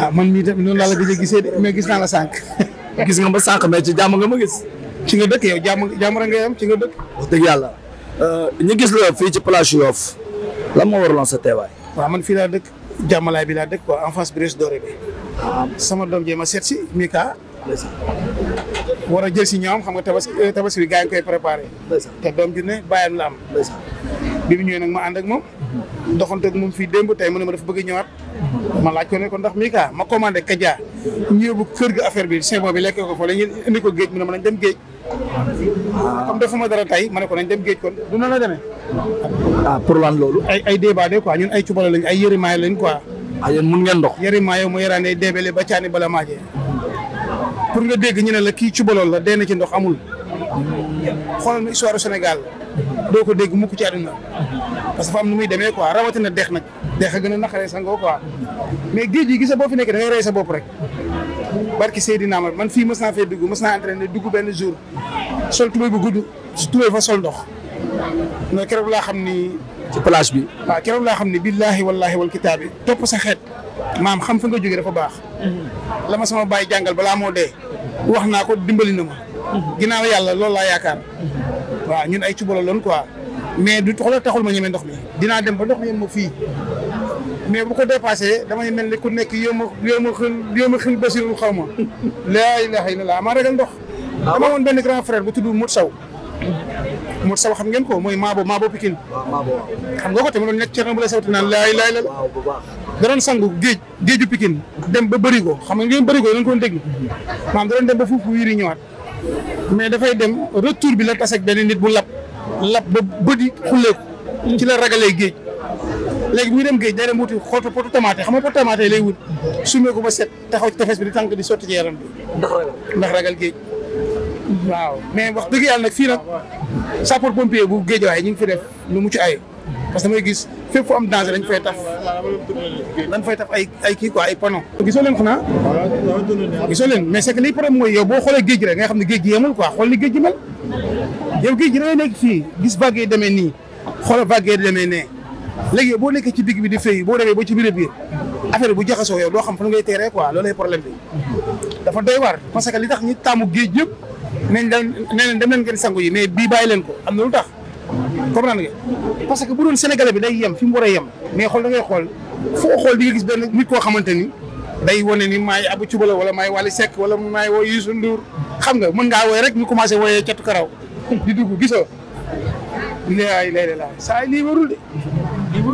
ah man mii tamit noonu laa la gëj gisee de mais gis naa la sànq. gis nga ma sànq mais ci jàmm nga ma gis. ci nga dëkk yow jàmm jàmm rek nga yam ci nga dëkk. dëgg yàlla euh, ñu gis la fii ci plage Yoff lan moo waraloon sa teewaay. waaw man fii laa dëkk jàmmalaay bi laa dëkk quoi en face Brèche Dorée bi. Ah. sama doom jee ma seet si Mika. war a jël si ñoom xam nga tabaski tabaski bi gaa ngi koy préparé. te doom ju ne bàyyam la bi mu ñëwee nag ma ànd ak moom. doxanteeg moom fii démb tey mu na ma dafa bëgg ñëwaat ma laaj ko ne ko ndax mii kaa ma commandé Kaja ñu yóbbu kër ga affaire bi saison bi lekk ko fa la ñu ko géej mu ne dem géej. comme defuma dara tey ma ne ko nañ géej kon du na la demee. Ah, pour lan loolu. ay ay débat de quoi ñun ay lañ ay yërimaay lañ quoi. ah yéen dox. yërimaay yow mu yëraanee déebele ba caani bala maajee pour nga dégg ñu ne la kii cubalo la dee na ci ndox amul xoolal ma histoire Sénégal doo ko dégg mukk ci àdduna parce que fa am nu muy demee ko rawatina dex nag dex a gën a naqaree sangoo quoi mais géej gi gisa boo fi nekk da ngay rey sa bopp rek barki Seydina man fii mës naa fee dugg mës naa ne dugg benn jour sol tubéy bu gudd tubéy fa sol ndox mais keroog laa xam ni ci plage bi waaw keroog laa xam ni billaahi wallaahi wal kitaabi topp sa xeet maam xam fa nga jógee dafa baax la ma sama bàyyi jàngal balaa moo dee wax naa ko dimbali na ma yàlla loolu laa yaakaar waaw ñun ay cubalo loon quoi mais du taxul taxul ma ñeme ndox mi dinaa dem ba ndox mi yem ma fii mais bu ko dépassé damay mel ni ku nekk yow ma yow ma xil yow ma xaw ma laa ilaha illallah maa ragal ndox ah dama woon benn grand frère bu tudd Mout Saw Mout Saw xam ngeen ko mooy Maabo Maabo Pikine ah, xam nga ko tamit doon nekk cerno bu lay sawti naan laa ilaha illallah géej géeju Pikine dem ba bërigo xam nga ngeen bërigo da nga ko doon dégg maanaam da doon dem ba foofu yiri ñëwaat mais dafay dem retour bi la tase ak beneen nit bu lab lab ba bëdi xulleeku ci la ragalee géej léegi bu dem géej day dem wuti xootu potu tomate xam nga potu tomate lay wut sumee ko ba set taxaw ci tefes bi di tànk di sotti ci yaram bi ndax ragal ndax géej waaw mais wax dëgg yàlla nag fii nag sapeur pompier bu géej waaye ñu ngi fi def lu mucc ayib parce que damay gis fépp fu am danger dañ fay taf dañ fay ay kii quoi ay panneaux. gisoo leen xanaa. gisoo leen mais c'est que liy problème mooy yow boo xoolee géej gi rek nga xam ne géej gi yemul quoi xool li géej gi yow géej gi da ngay nekk fii gis vague demee nii xoolal vague yi demee nee léegi boo nekkee ci bigg bi di fay boo demee ba ci biir bi affaire bu jaxasoo yow doo xam fan ngay teeree quoi loolu lay problème bi. dafa doy waar parce que li tax ñu taamu géej yëpp nañ leen nee leen dem leen ngeen sangu yi mais bii bàyyi leen ko am na lu comprendre nga parce que bu doon sénégalais bi day yem fi mu war a yem mais xool da ngay xool foo xool di nga gis benn nit koo xamante ni day wane ni maay Abou Thioubala wala maay Wally Seck wala maay wooy Youssou Ndour xam nga mën ngaa wooy rek ñu commencé wooyee catu karaw di dugg gisoo laay lay la saa lii warul de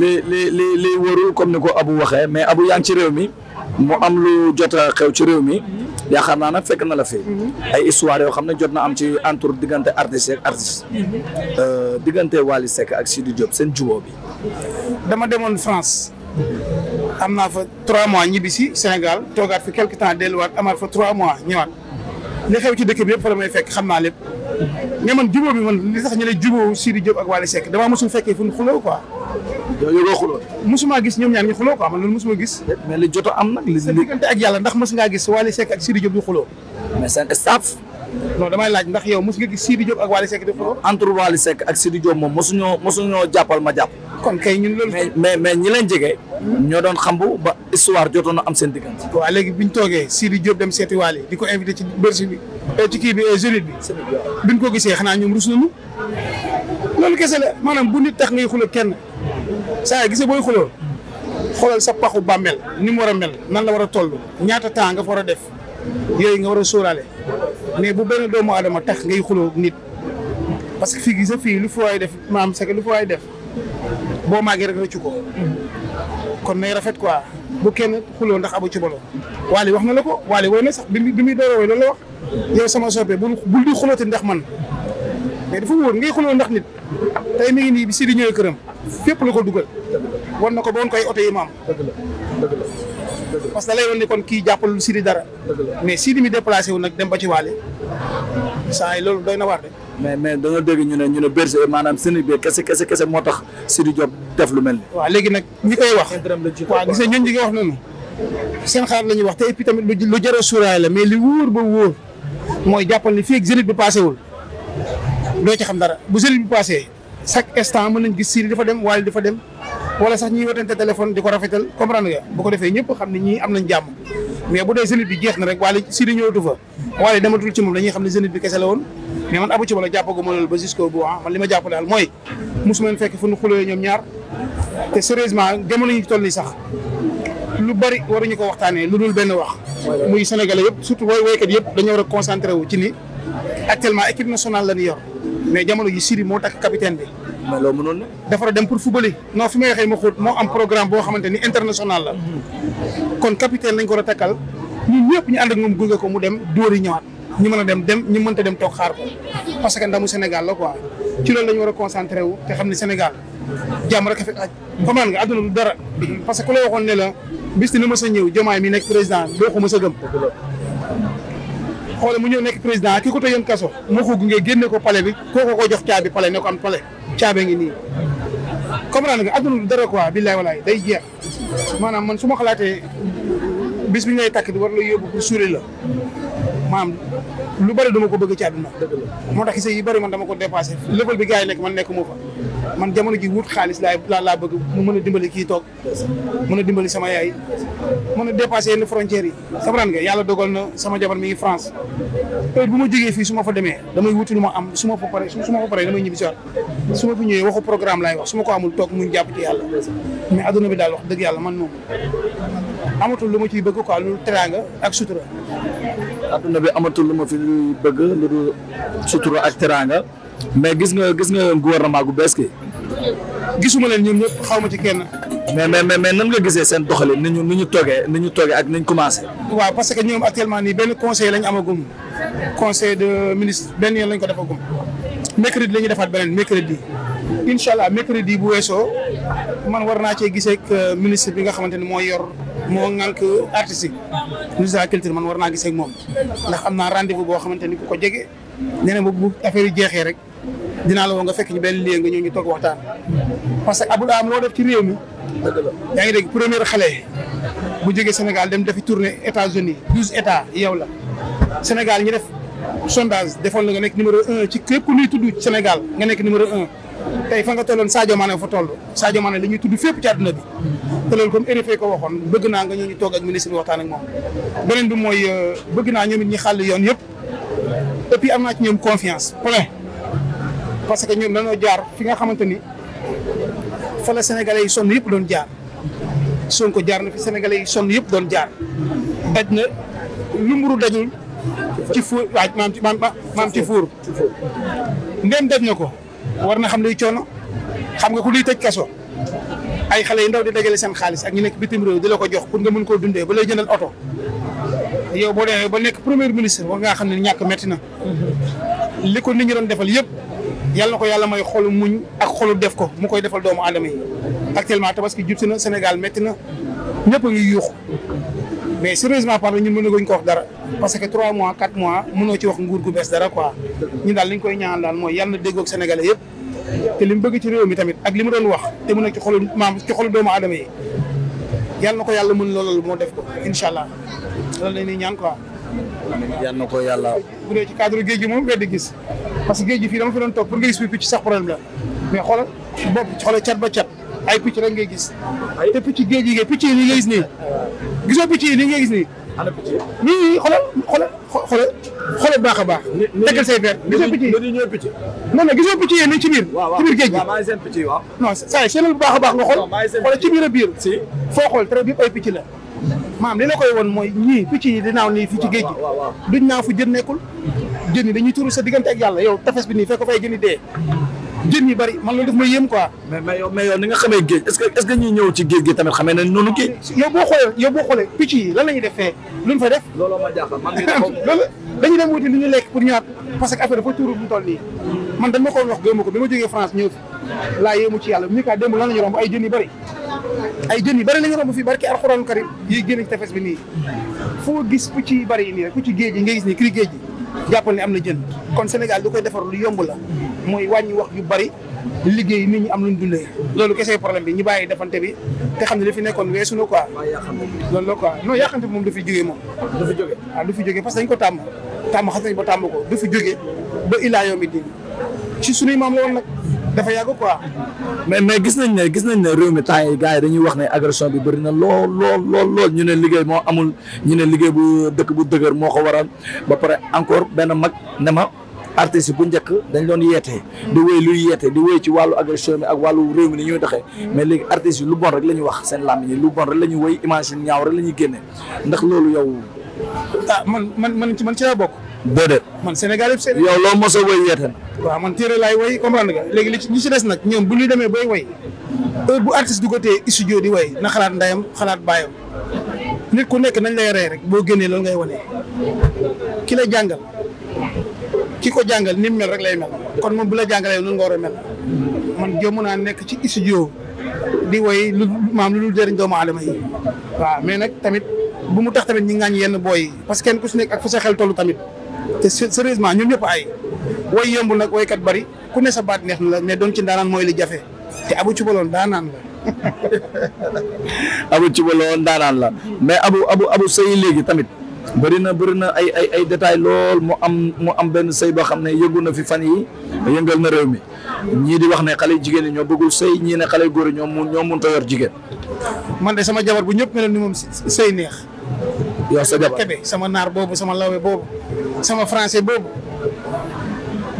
lii lii lii lii warul comme ni ko abu waxee mais Abou yaa ngi ci réew mi mu am lu jot a xew ci réew mi yaakaar naa nag fekk na la fi. Mhm. ay histoire yoo xam ne jot na am ci entour diggante artiste ak artiste. Mhm. Euh, diggante Wally Seck ak di Diop seen jubóo bi. dama demoon France. am naa fa trois mois ñibbi si Sénégal toogaat fi quelque temps delluwaat amaat fa trois mois ñëwaat. li xew ci dëkk bi yëpp fa la may fekk xam naa lépp. mais man jubóo bi man li tax ñu ne jubóo Sidi Diop ak Wally Seck damaa mosul fekkee fu ñu xuloo quoi. yow yow doo xuloo mosuma gis ñoom ñaar ñu xuloo quoi man loolu mosuma gis mais li joto am nag li diggante ak yàlla ndax mos ngaa gis Wally Seck ak Sidi Diop ñu xuloo mais seen staff non damay loolu mais ba histoire jotoon na am seen diggante waaw léegi biñ toogee Sidi di ko eh, eh, ko gisee xanaa ñoom rus nañu loolu kese la maanaam bu nit tax ngay xuloo kenn saa gisee booy xuloo xoolal sa paxu bàmmeel ni mu war a mel nan la war a toll ñaata temps nga fa war a def yooyu nga war a sóoraale mais bu benn doomu aadama tax ngay xuloo nit parce que fii gis fii lu fa waay def maam c'est que lu fa waay def boo màggee rek rëccu ko kon nay rafet quoi bu kenn xuloo ndax abu ci bolo waali wax na la ko waali woy ne sax bi bi muy door a woy loolu la wax yow sama soppe bul bul di xulooti ndax man mais dafa wóor ngay xuloo ndax nit tey mi si di ñëwee këram fépp la ko dugal. wan na ko ba woon koy oto yi maam. parce que da lay woon ne kon kii jàppalul Sidi dara. mais Sidi mi déplacé wu nag dem ba ci waale. saa yi loolu doy na waar de. mais mais da dégg ñu ne ñu ne bergerie maanaam sëñ bi kese kese kese moo tax Sidi Diop def lu mel nii. waaw léegi nag ñi koy wax. waaw gis nga ñun ñi koy wax noonu. seen xaar la ñuy wax te et tamit lu jar a suuraay la mais li wóor ba wóor mooy jàppal ni fii ak Zénith bi paasewul doo ci xam dara bu Zénith bi paasee. chaque instant mën nañ gis Sidy dafa dem Wally dafa dem wala sax ñiy wotante téléphone di ko rafetal comprendre nga bu ko defee ñëpp xam ne ñii am nañ jàmm mais bu dee zénith bi jeex na rek Wally Sidy ñëwatu fa Wally dematul ci moom dañuy xam ne zénith bi kese la woon mais man abu ci bala jàppagu ma loolu ba jusqu'au bout ah. man li ma jàpp daal mooy mosuma leen fekk fu ñu xuloo ñoom ñaar te sérieusement jamono ñu toll nii sax lu bari waruñu ko waxtaanee lu dul benn wax muy sénégalais yëpp surtout wooy woykat yëpp dañoo concentré wu ci ni actuellement équipe la ñu yor mais jamono ji Siri moo takk capitaine bi. mais loolu mënoon na. dem pour football yi. fi may waxee ma xóot moo am programme boo xamante ni international la. kon capitaine lañ ko war a takkal ñun ñëpp ñu ànd ak moom gunge ko mu dem dóor yi ñëwaat. ñu mën a dem dem ñu mënta dem toog xaar ko parce que ndamu Sénégal la ko ci loolu la ñu war a concentré wu te xam ne Sénégal jàmm rek a fi aj comprendre nga àdduna du dara. parce que ku la waxoon ne la bis dina mës a ñëw jomaay mi nekk président doo ko mës a gëm. xoola mu ñëw nekk président ki ko tëjoon kaso moo ko gunge génne ko palais bi kooko ko jox caabi palais ne ko am palais caabi ngi nii comprendre nga adduna dara quoi billaay walaay day jeex maanaam man su ma xalaatee bis bi ngay takk di war la yóbbu pour suuli la maanaam lu bëri dama ko bëgg ci àdduna moo tax gise yi bëri man dama ko dépassé level bi gars yi nekk man nekk moo fa man jamono ji wut xaalis laay laa laa bëgg mu mën a dimbali kii toog mën a dimbali sama yaay mën a dépassé yenn frontières yi sabran nga yàlla dogal na sama jabar mi ngi France heure bu ma jógee fii su ma fa demee damay wuti lu ma am suma ma fa pare su ma fa pare damay ñibbi si waat su ma fi ñëwee waxu programme laay wax su ma ko amul toog muñ jàpp ci yàlla mais adduna bi daal wax dëgg yàlla man moom amatul lu ma ciy bëgg quoi ak sutura bi amatul lu ma fi bëgg lu dul sutura ak teraanga mais gis nga gis nga gouvernement gu bees gi. gisuma leen ñoom ñëpp xaw ma ci kenn. mais mais mais nan nga gisee seen doxalin ni ñu ni ñu toogee ni ñu toogee ak ni ñu commencé. waaw parce que ñoom actuellement nii benn conseil lañ amagum conseil de ministre benn yoon lañ ko defagum. mercredi lañu defaat beneen mercredi incha allah mercredi bu weesoo man war naa cee gisee euh, ministre bi nga xamante ni moo yor moo ŋànk artiste yi ministre de la culture man war naa gisee moom ndax am naa rendez vous boo xamante ni ku ko jege nee na bu affaire yi jeexee dinaa la woo nga fekk ñu benn lien nga ñëw ñu toog waxtaan parce que Abdou am loo def ci réew mi. dëgg la yaa ngi dégg première xale bu jógee Sénégal dem defi tournée États-Unis douze états yow la Sénégal ñu def sondage defoon la nga nekk numéro un ci képp ku tudd Sénégal nga nekk numéro un. tey fa nga tolloon Sadio Mané fa toll Sadio Mané la tudd fépp ci àdduna bi te loolu comme RFI ko waxoon bëgg naa nga ñëw ñu toog ak ministre bi waxtaan ak moom. beneen bi mooy euh, bëgg naa ñoom ñi xàll yoon yëpp et puis am ñoom confiance parce que ñoom dañoo jaar fi nga xamante ni fa la sénégalais yi sonn yëpp doon jaar Sonko jaar na fi sénégalais yi sonn yëpp doon jaar daj na lu mburu dajul ci fuur waaj maam ci maam ci fuur ndéem daj na ko war na xam luy coono xam nga ko luy tëj kaso ay xale yu ndaw di dajale seen xaalis ak ñu nekk bitim réew di la ko jox pour nga mën koo dundee ba lay jëndal oto yow boo demee ba nekk premier ministre war ngaa xam ne ñàkk metti na li ko nit ñi doon defal yëpp yàlla na ko yàlla may xolu muñ ak xolu def ko mu koy defal doomu aadama yi actuellement tabaski jub si na Sénégal métti na ñëpp a ngi yuuxu mais sérieusement parlé ñun mënaguñ ko wax dara parce que trois mois quatre mois mënoo ci wax nguur gu bees dara quoi ñun daal li ñu koy ñaan daal mooy yàlla na déggoog Sénégalais yëpp te li mu bëgg ci réew mi tamit ak li mu doon wax te mu nekk ci xolu maam ci xolu doomu aadama yi yàlla na ko yàlla mun loolal moo def ko incha allah loolu la ñuy ñaan quoi. yàlla na ko yàlla. bu ci cadre géej gi moom weddi gis parce que géej gi fii dama fi doon toog pour picc sax problème la mais xoolal bopp xoolal cat ba cat ay picc rek ngay gis te picc géej yi picc yi nii ngay gis nii gisoo picc yi nii ngay gis nii nii xoolal xoolal xoolal xoolal baax a baax tegal say verre gisoo picc yi non non gisoo picc yi nii ci biir géej non saa yi baax a baax nga xool xoolal ci biir a biir foo xool très bien ay picc la maam li la koy woon mooy ñii picc yi di naaw nii fii ci géej gi duñ naaw fu jën nekkul jën yi dañuy turu sa diggante ak yàlla yow tefes bi nii fekk fay jën yi dee jën yi bëri man loolu daf may yéem def fee luñ fa def loolu dañuy dem wuti li ñu lekk pour ñëwaat parce que affaire dafa tuuru bu toll nii man dañ ma ko wax ko bi ma jógee France ñëw laa yéemu ci yàlla mu ñu kaa démb lan lañu romb ay jën yi bëri ay jën yi bëri nañu romb fii barki alxuraan karim yi génn ci tefes bi nii foo gis ku ci bari yi nii rek ku ci géej gi nga gis nii kii géej yi jàppal ne am na jën kon Sénégal du koy defar lu yomb la mooy wàññi wax yu bëri liggéey nit ñi am luñ dundee loolu kese problème bi ñu bàyyi defante bi te xam ne li nekkoon weesu na quoi loolu la quoi non yàqante bi moom du fi jógee moom dafa fi jógee ah, fi jógee parce que dañ ko tàmm tàmm xas nañ ba tàmm ko dafa fi jógee ba ilaa yoomi ci suñuy maam la dafa yàgg quoi. mais mais gis nañ ne gis nañ ne réew mi temps yi gars yi dañuy wax ne agression bi bëri na lool lool lool ñu ne liggéey moo amul ñu ne liggéey bu dëkk bu dëgër moo ko waral ba pare encore benn mag ne ma artiste bu njëkk dañ doon yeete. di wéy luy yeete di wéy ci wàllu agression bi ak wàllu réew mi ni ñuy doxee. mais léegi artistes yi lu bon rek la ñuy wax seen làmmiñ yi lu bon rek la ñuy wéy image yu ñaaw rek la génne ndax loolu yow. ah man man man ci man ci laa bokk. déedéet man Sénégal yëpp Sénégal yow loo mos a woy yeete waaw man téere laay woy comprendre nga léegi li ci li des nag ñoom bu ñu demee bay woy heure bu artiste du ko tee studio di woy na xalaat ndayam xalaat baayam nit ku nekk nañ lay rey rek boo génnee loolu ngay wane ki la jàngal ki ko jàngal ni mel rek lay mel kon moom bu la jàngalee noonu nga war a mel man jommu naa nekk ci studio di woy lu maam lu dul jëriñ doomu aadama yi waaw mais nag tamit bu mu tax tamit ñi yenn booy yi parce que kenn ku si nekk tamit te sérieusement ñun ñëpp ay way yëmb nag waykat bari ku ne sa baat neex na la mais doon ci ndaanaan mooy li jafe te abu cubaloon daanaan la abu cubaloon daanaan la mais abu abu abu sëy léegi tamit bëri na bëri na ay ay ay détails lool mu am mu am benn sëy boo xam ne yëngu na fi fan yi yëngal na réew mi ñii di wax ne xale jigéen ñi ñoo bëggul say ñii ne xale góor ñoo mun ñoo mun ta yor jigéen man de sama jabar bu ñëpp meloon ni moom sëy neex yow sa jabar sama naar boobu sama lawe boobu sama français boobu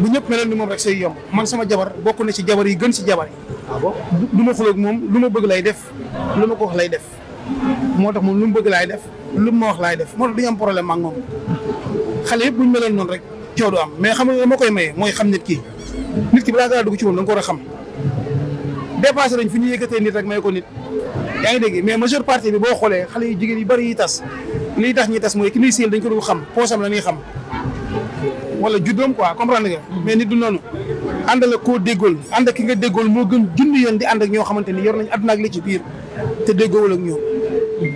bu ñëpp meloon ni moom rek say yomb man sama jabar bokk na ci jabar yi gën ci jabar yi. lu ah ma xuloog moom lu ma bëgg lay def lu ma ko wax lay def moo tax moom lu bëgg laay def lu ma wax laay def moo am problème ak moom xale yëpp bu ñu rek coow ma koy maye mooy xam nit ki nit ki balaa ngaa dugg ci moom da ko war a xam. dépassé nañ fi ñu yëkkatee nit rek may ko nit yaa ngi dégg mais majeure partie bi boo xoolee xale yu jigéen yu bari yi tas lii tax ñi tas mooy ki muy siil dañ ko dul xam poosam la ñuy xam wala juddoom quoi comprendre nga. Mm. mais ni du noonu ànd la koo déggool ànd ki nga déggool moo gën junni yoon di ànd ak ñoo xamante ni yor nañ àdduna ak li ci biir te déggoowul ak ñoom.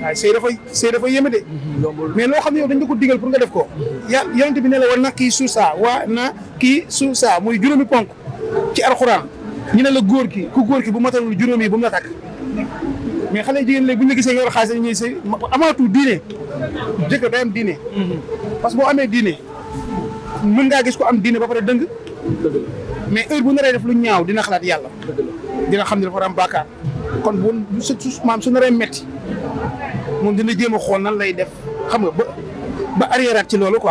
waaye sëy dafa sëy dafa yéeme de mm-hmm. mais loo xam ne yow dañ la ko digal pour nga def ko mm-hmm. yal yonent bi ne la war na kii suusa waa na kii suusa muy juróomi ponk ci alxuraan ñu ne la góor ki ku góor ki bu matalul juróom bu mu la takk mais xale jigéen léegi bu ñu la gisee yor xaalis dañuy ñuy sëy amaatu diine jëkkër day am diine parce que boo amee diine mën ngaa gis ko am diine ba pare dëng mais heure bu naree def lu ñaaw dina xalaat yàlla dina xam ne dafa war am kon bu su su naree metti moom dina jéem a xool nan lay def xam nga ba ba arriéraat ci loolu ko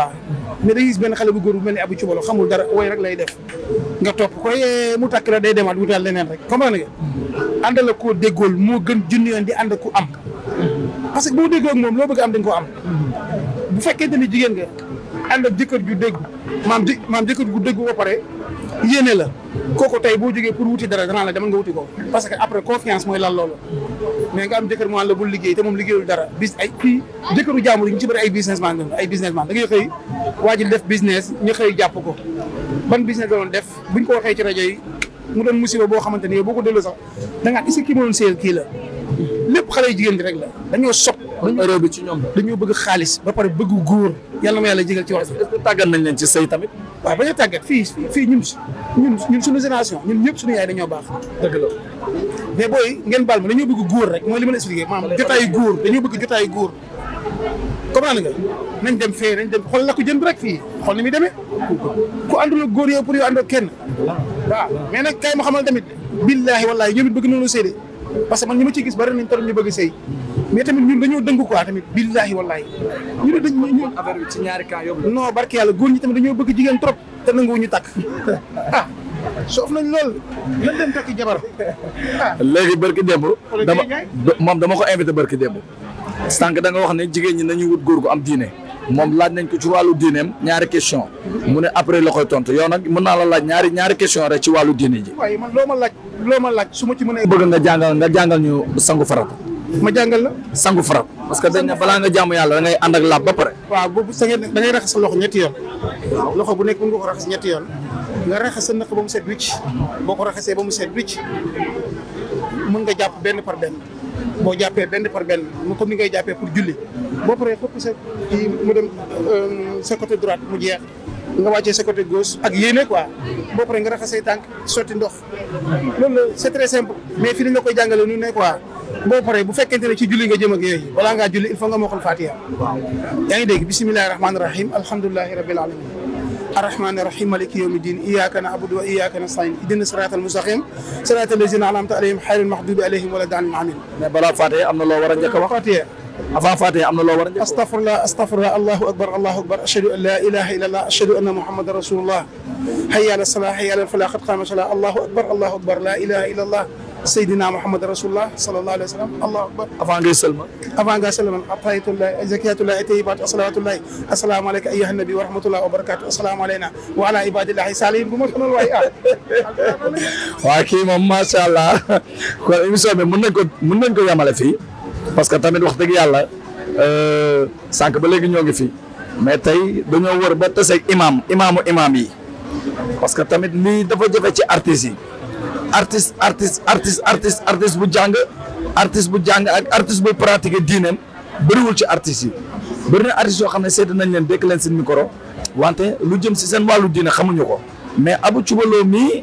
mais dañuy gis benn xale bu góor bu mel ni Abou Cubalo xamul dara way rek lay def nga topp koy eh, mu tàkk la day demaat wutaal leneen rek comprendre nga ànd la koo déggool moo gën junni yoon di ànd ku am parce que boo déggoo ak moom loo bëgg am dañ ko am bu fekkente ni jigéen nga ànd ak jëkkër ju dégg maam ji maam jëkkër gu dégg ba pare yéene la kooku tey boo jógee pour wuti dara danaa la demal nga wuti ko parce que après confiance mooy lan loolu mais nga am jëkkër mu la bul liggéey te moom liggéeyul dara bis ay kii jëkkëru jàmbur yi ñu ci bëri ay businessman la ay businessman da ngay xëy waajil def business ñu xëy jàpp ko ban business la doon def buñ ko waxee ci rajo yi mu doon musiba boo xamante ni boo ko delloo sax da ngaa est-ce que kii ma doon seeyal kii la lépp xale yu jigéen bi rek la dañoo sopp réew bi ci ñoom dañoo bëgg xaalis ba pare bëgg góor yàlla ma yàlla jégal ci wax est nañ leen ci sëy tamit waaw bañ a tàggat fii fii ñun ñun ñun suñu génération ñun ñëpp suñu yaay dañoo baax dëgg la mais booy ngeen baal ma dañoo bëgg góor rek mooy li ma la expliqué maanaam jotaayu góor dañoo bëgg jotaayu góor comprendre nga nañ dem fee nañ dem xool la ko jënd rek fii xool ni muy demee ku àndul ak góor yow pour yow ànd ak kenn waaw mais nag kay ma xamal tamit billaahi wallaahi ñoom it bëgg nañu séede parce que man ñi ma ci gis bari nañ torop ñu bëgg sëy mais tamit ñun dañoo dëng quoi tamit billaahi wallaahi ñu ne dañ ñu affaire bi ci ñaari cas yóbbu non barke yàlla góor ñi dañoo bëgg jigéen trop te nanguwuñu takk ah soof nañ lool lan dem takk jabar ah léegi barki démb dama moom dama ko invité barki démb sànq da wax ne jigéen ñi nañu wut góor gu am diine moom laaj nañ ko ci wàllu diineem ñaari question mu ne après loxo tontu yow nag mën naa la laaj ñaari ñaari question rek ci wàllu diine ji. waaye man loo ma laaj loo ma laaj su ma ci mënee. bëgg nga jàngal nga jàngal ñu sangu farata. ma jàngal la. sangu farata parce que dañ ne balaa nga jàmm yàlla da ngay ànd ak laab ba pare. waaw boobu sa ne da ngay raxas sa loxo ñetti yoon. loxo bu nekk mën nga ko raxas ñetti yoon. nga raxas sa naq ba mu set wicc. boo ko raxasee ba mu set wicc mën nga jàpp benn par boo jàppee benn par benn mu comme ni ngay jàppee pour julli boo paree fokk sa kii mu dem euh, sa côté droite mu jeex nga wàccee sa côté gos ak yéene quoi boo paree nga raxasay tànk sotti ndox loolu la c'est très mais fii koy jàngalee nu ne quoi boo paree bu fekkente ne ci julli nga jëm ak yooyu balaa ngaa julli il faut nga mokkal Fatiha yaa ngi dégg bisimilahi rahmaani rahim alhamdulilahi rabil alamin الرحمن الرحيم مالك يوم الدين إياك نعبد وإياك نستعين اهدنا الصراط المستقيم صراط الذين أنعمت عليهم غير المغضوب عليهم ولا الضالين آمين balaa Faatiha am na loo war a njëkk a wax avant Faatiha am na loo war a njëkk a wax astafurlah astafurlah allahu akbar allahu akbar ashhadu an la ilaha illallah ashhadu anna muhammadan rasulullah hayya ala salah hayya ala falah qad qama salah allahu akbar allahu akbar la ilaha illallah Seydina Muhammad Rasulullah sallallahu alayhi wa sallam allahu akbar avant ngay sëlmal avant ngay sëlmal atayatullahi zakiyatullahi tayyibat asalawatullahi assalaamu alayka ayyuha nabi wa rahmatullahi wa barakatuh assalaamu alayna wa ala ibadillahi salihin bu ma ko noonu waaye ah waa kii moom macha allah kon émission bi mën nañ ko mën nañ ko yemale fii parce que tamit wax dëgg yàlla euh, sànq ba léegi ñoo ngi fi mais tey dañoo wër ba taseeg imaam imaamu imaam yi parce que tamit lii dafa jafe ci artistes yi artiste artiste artiste artiste artiste bu jàng artiste bu jàng ak artiste bu pratiquer diineem bëriwul ci artistes yi bëri na yoo xam ne seeti nañ leen dégg leen seen mikoro wante lu jëm si seen wàllu diine xamuñu ko mais abu Thioubalo loo mii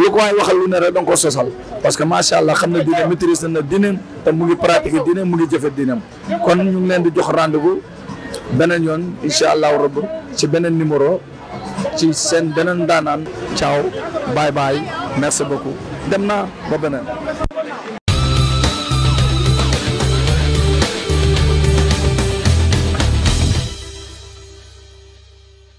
lu ko waay waxal lu ne rek da nga ko sosal parce que macha allah xam na diine maîtrise na diineem te mu ngi pratiquer diineem mu ngi jëfe diineem kon ñu ngi leen di jox rendez-vous beneen yoon incha allahu rabb ci beneen numéro ci seen beneen daanaan ciao bye bye. merci beaucoup dem naa ba beneen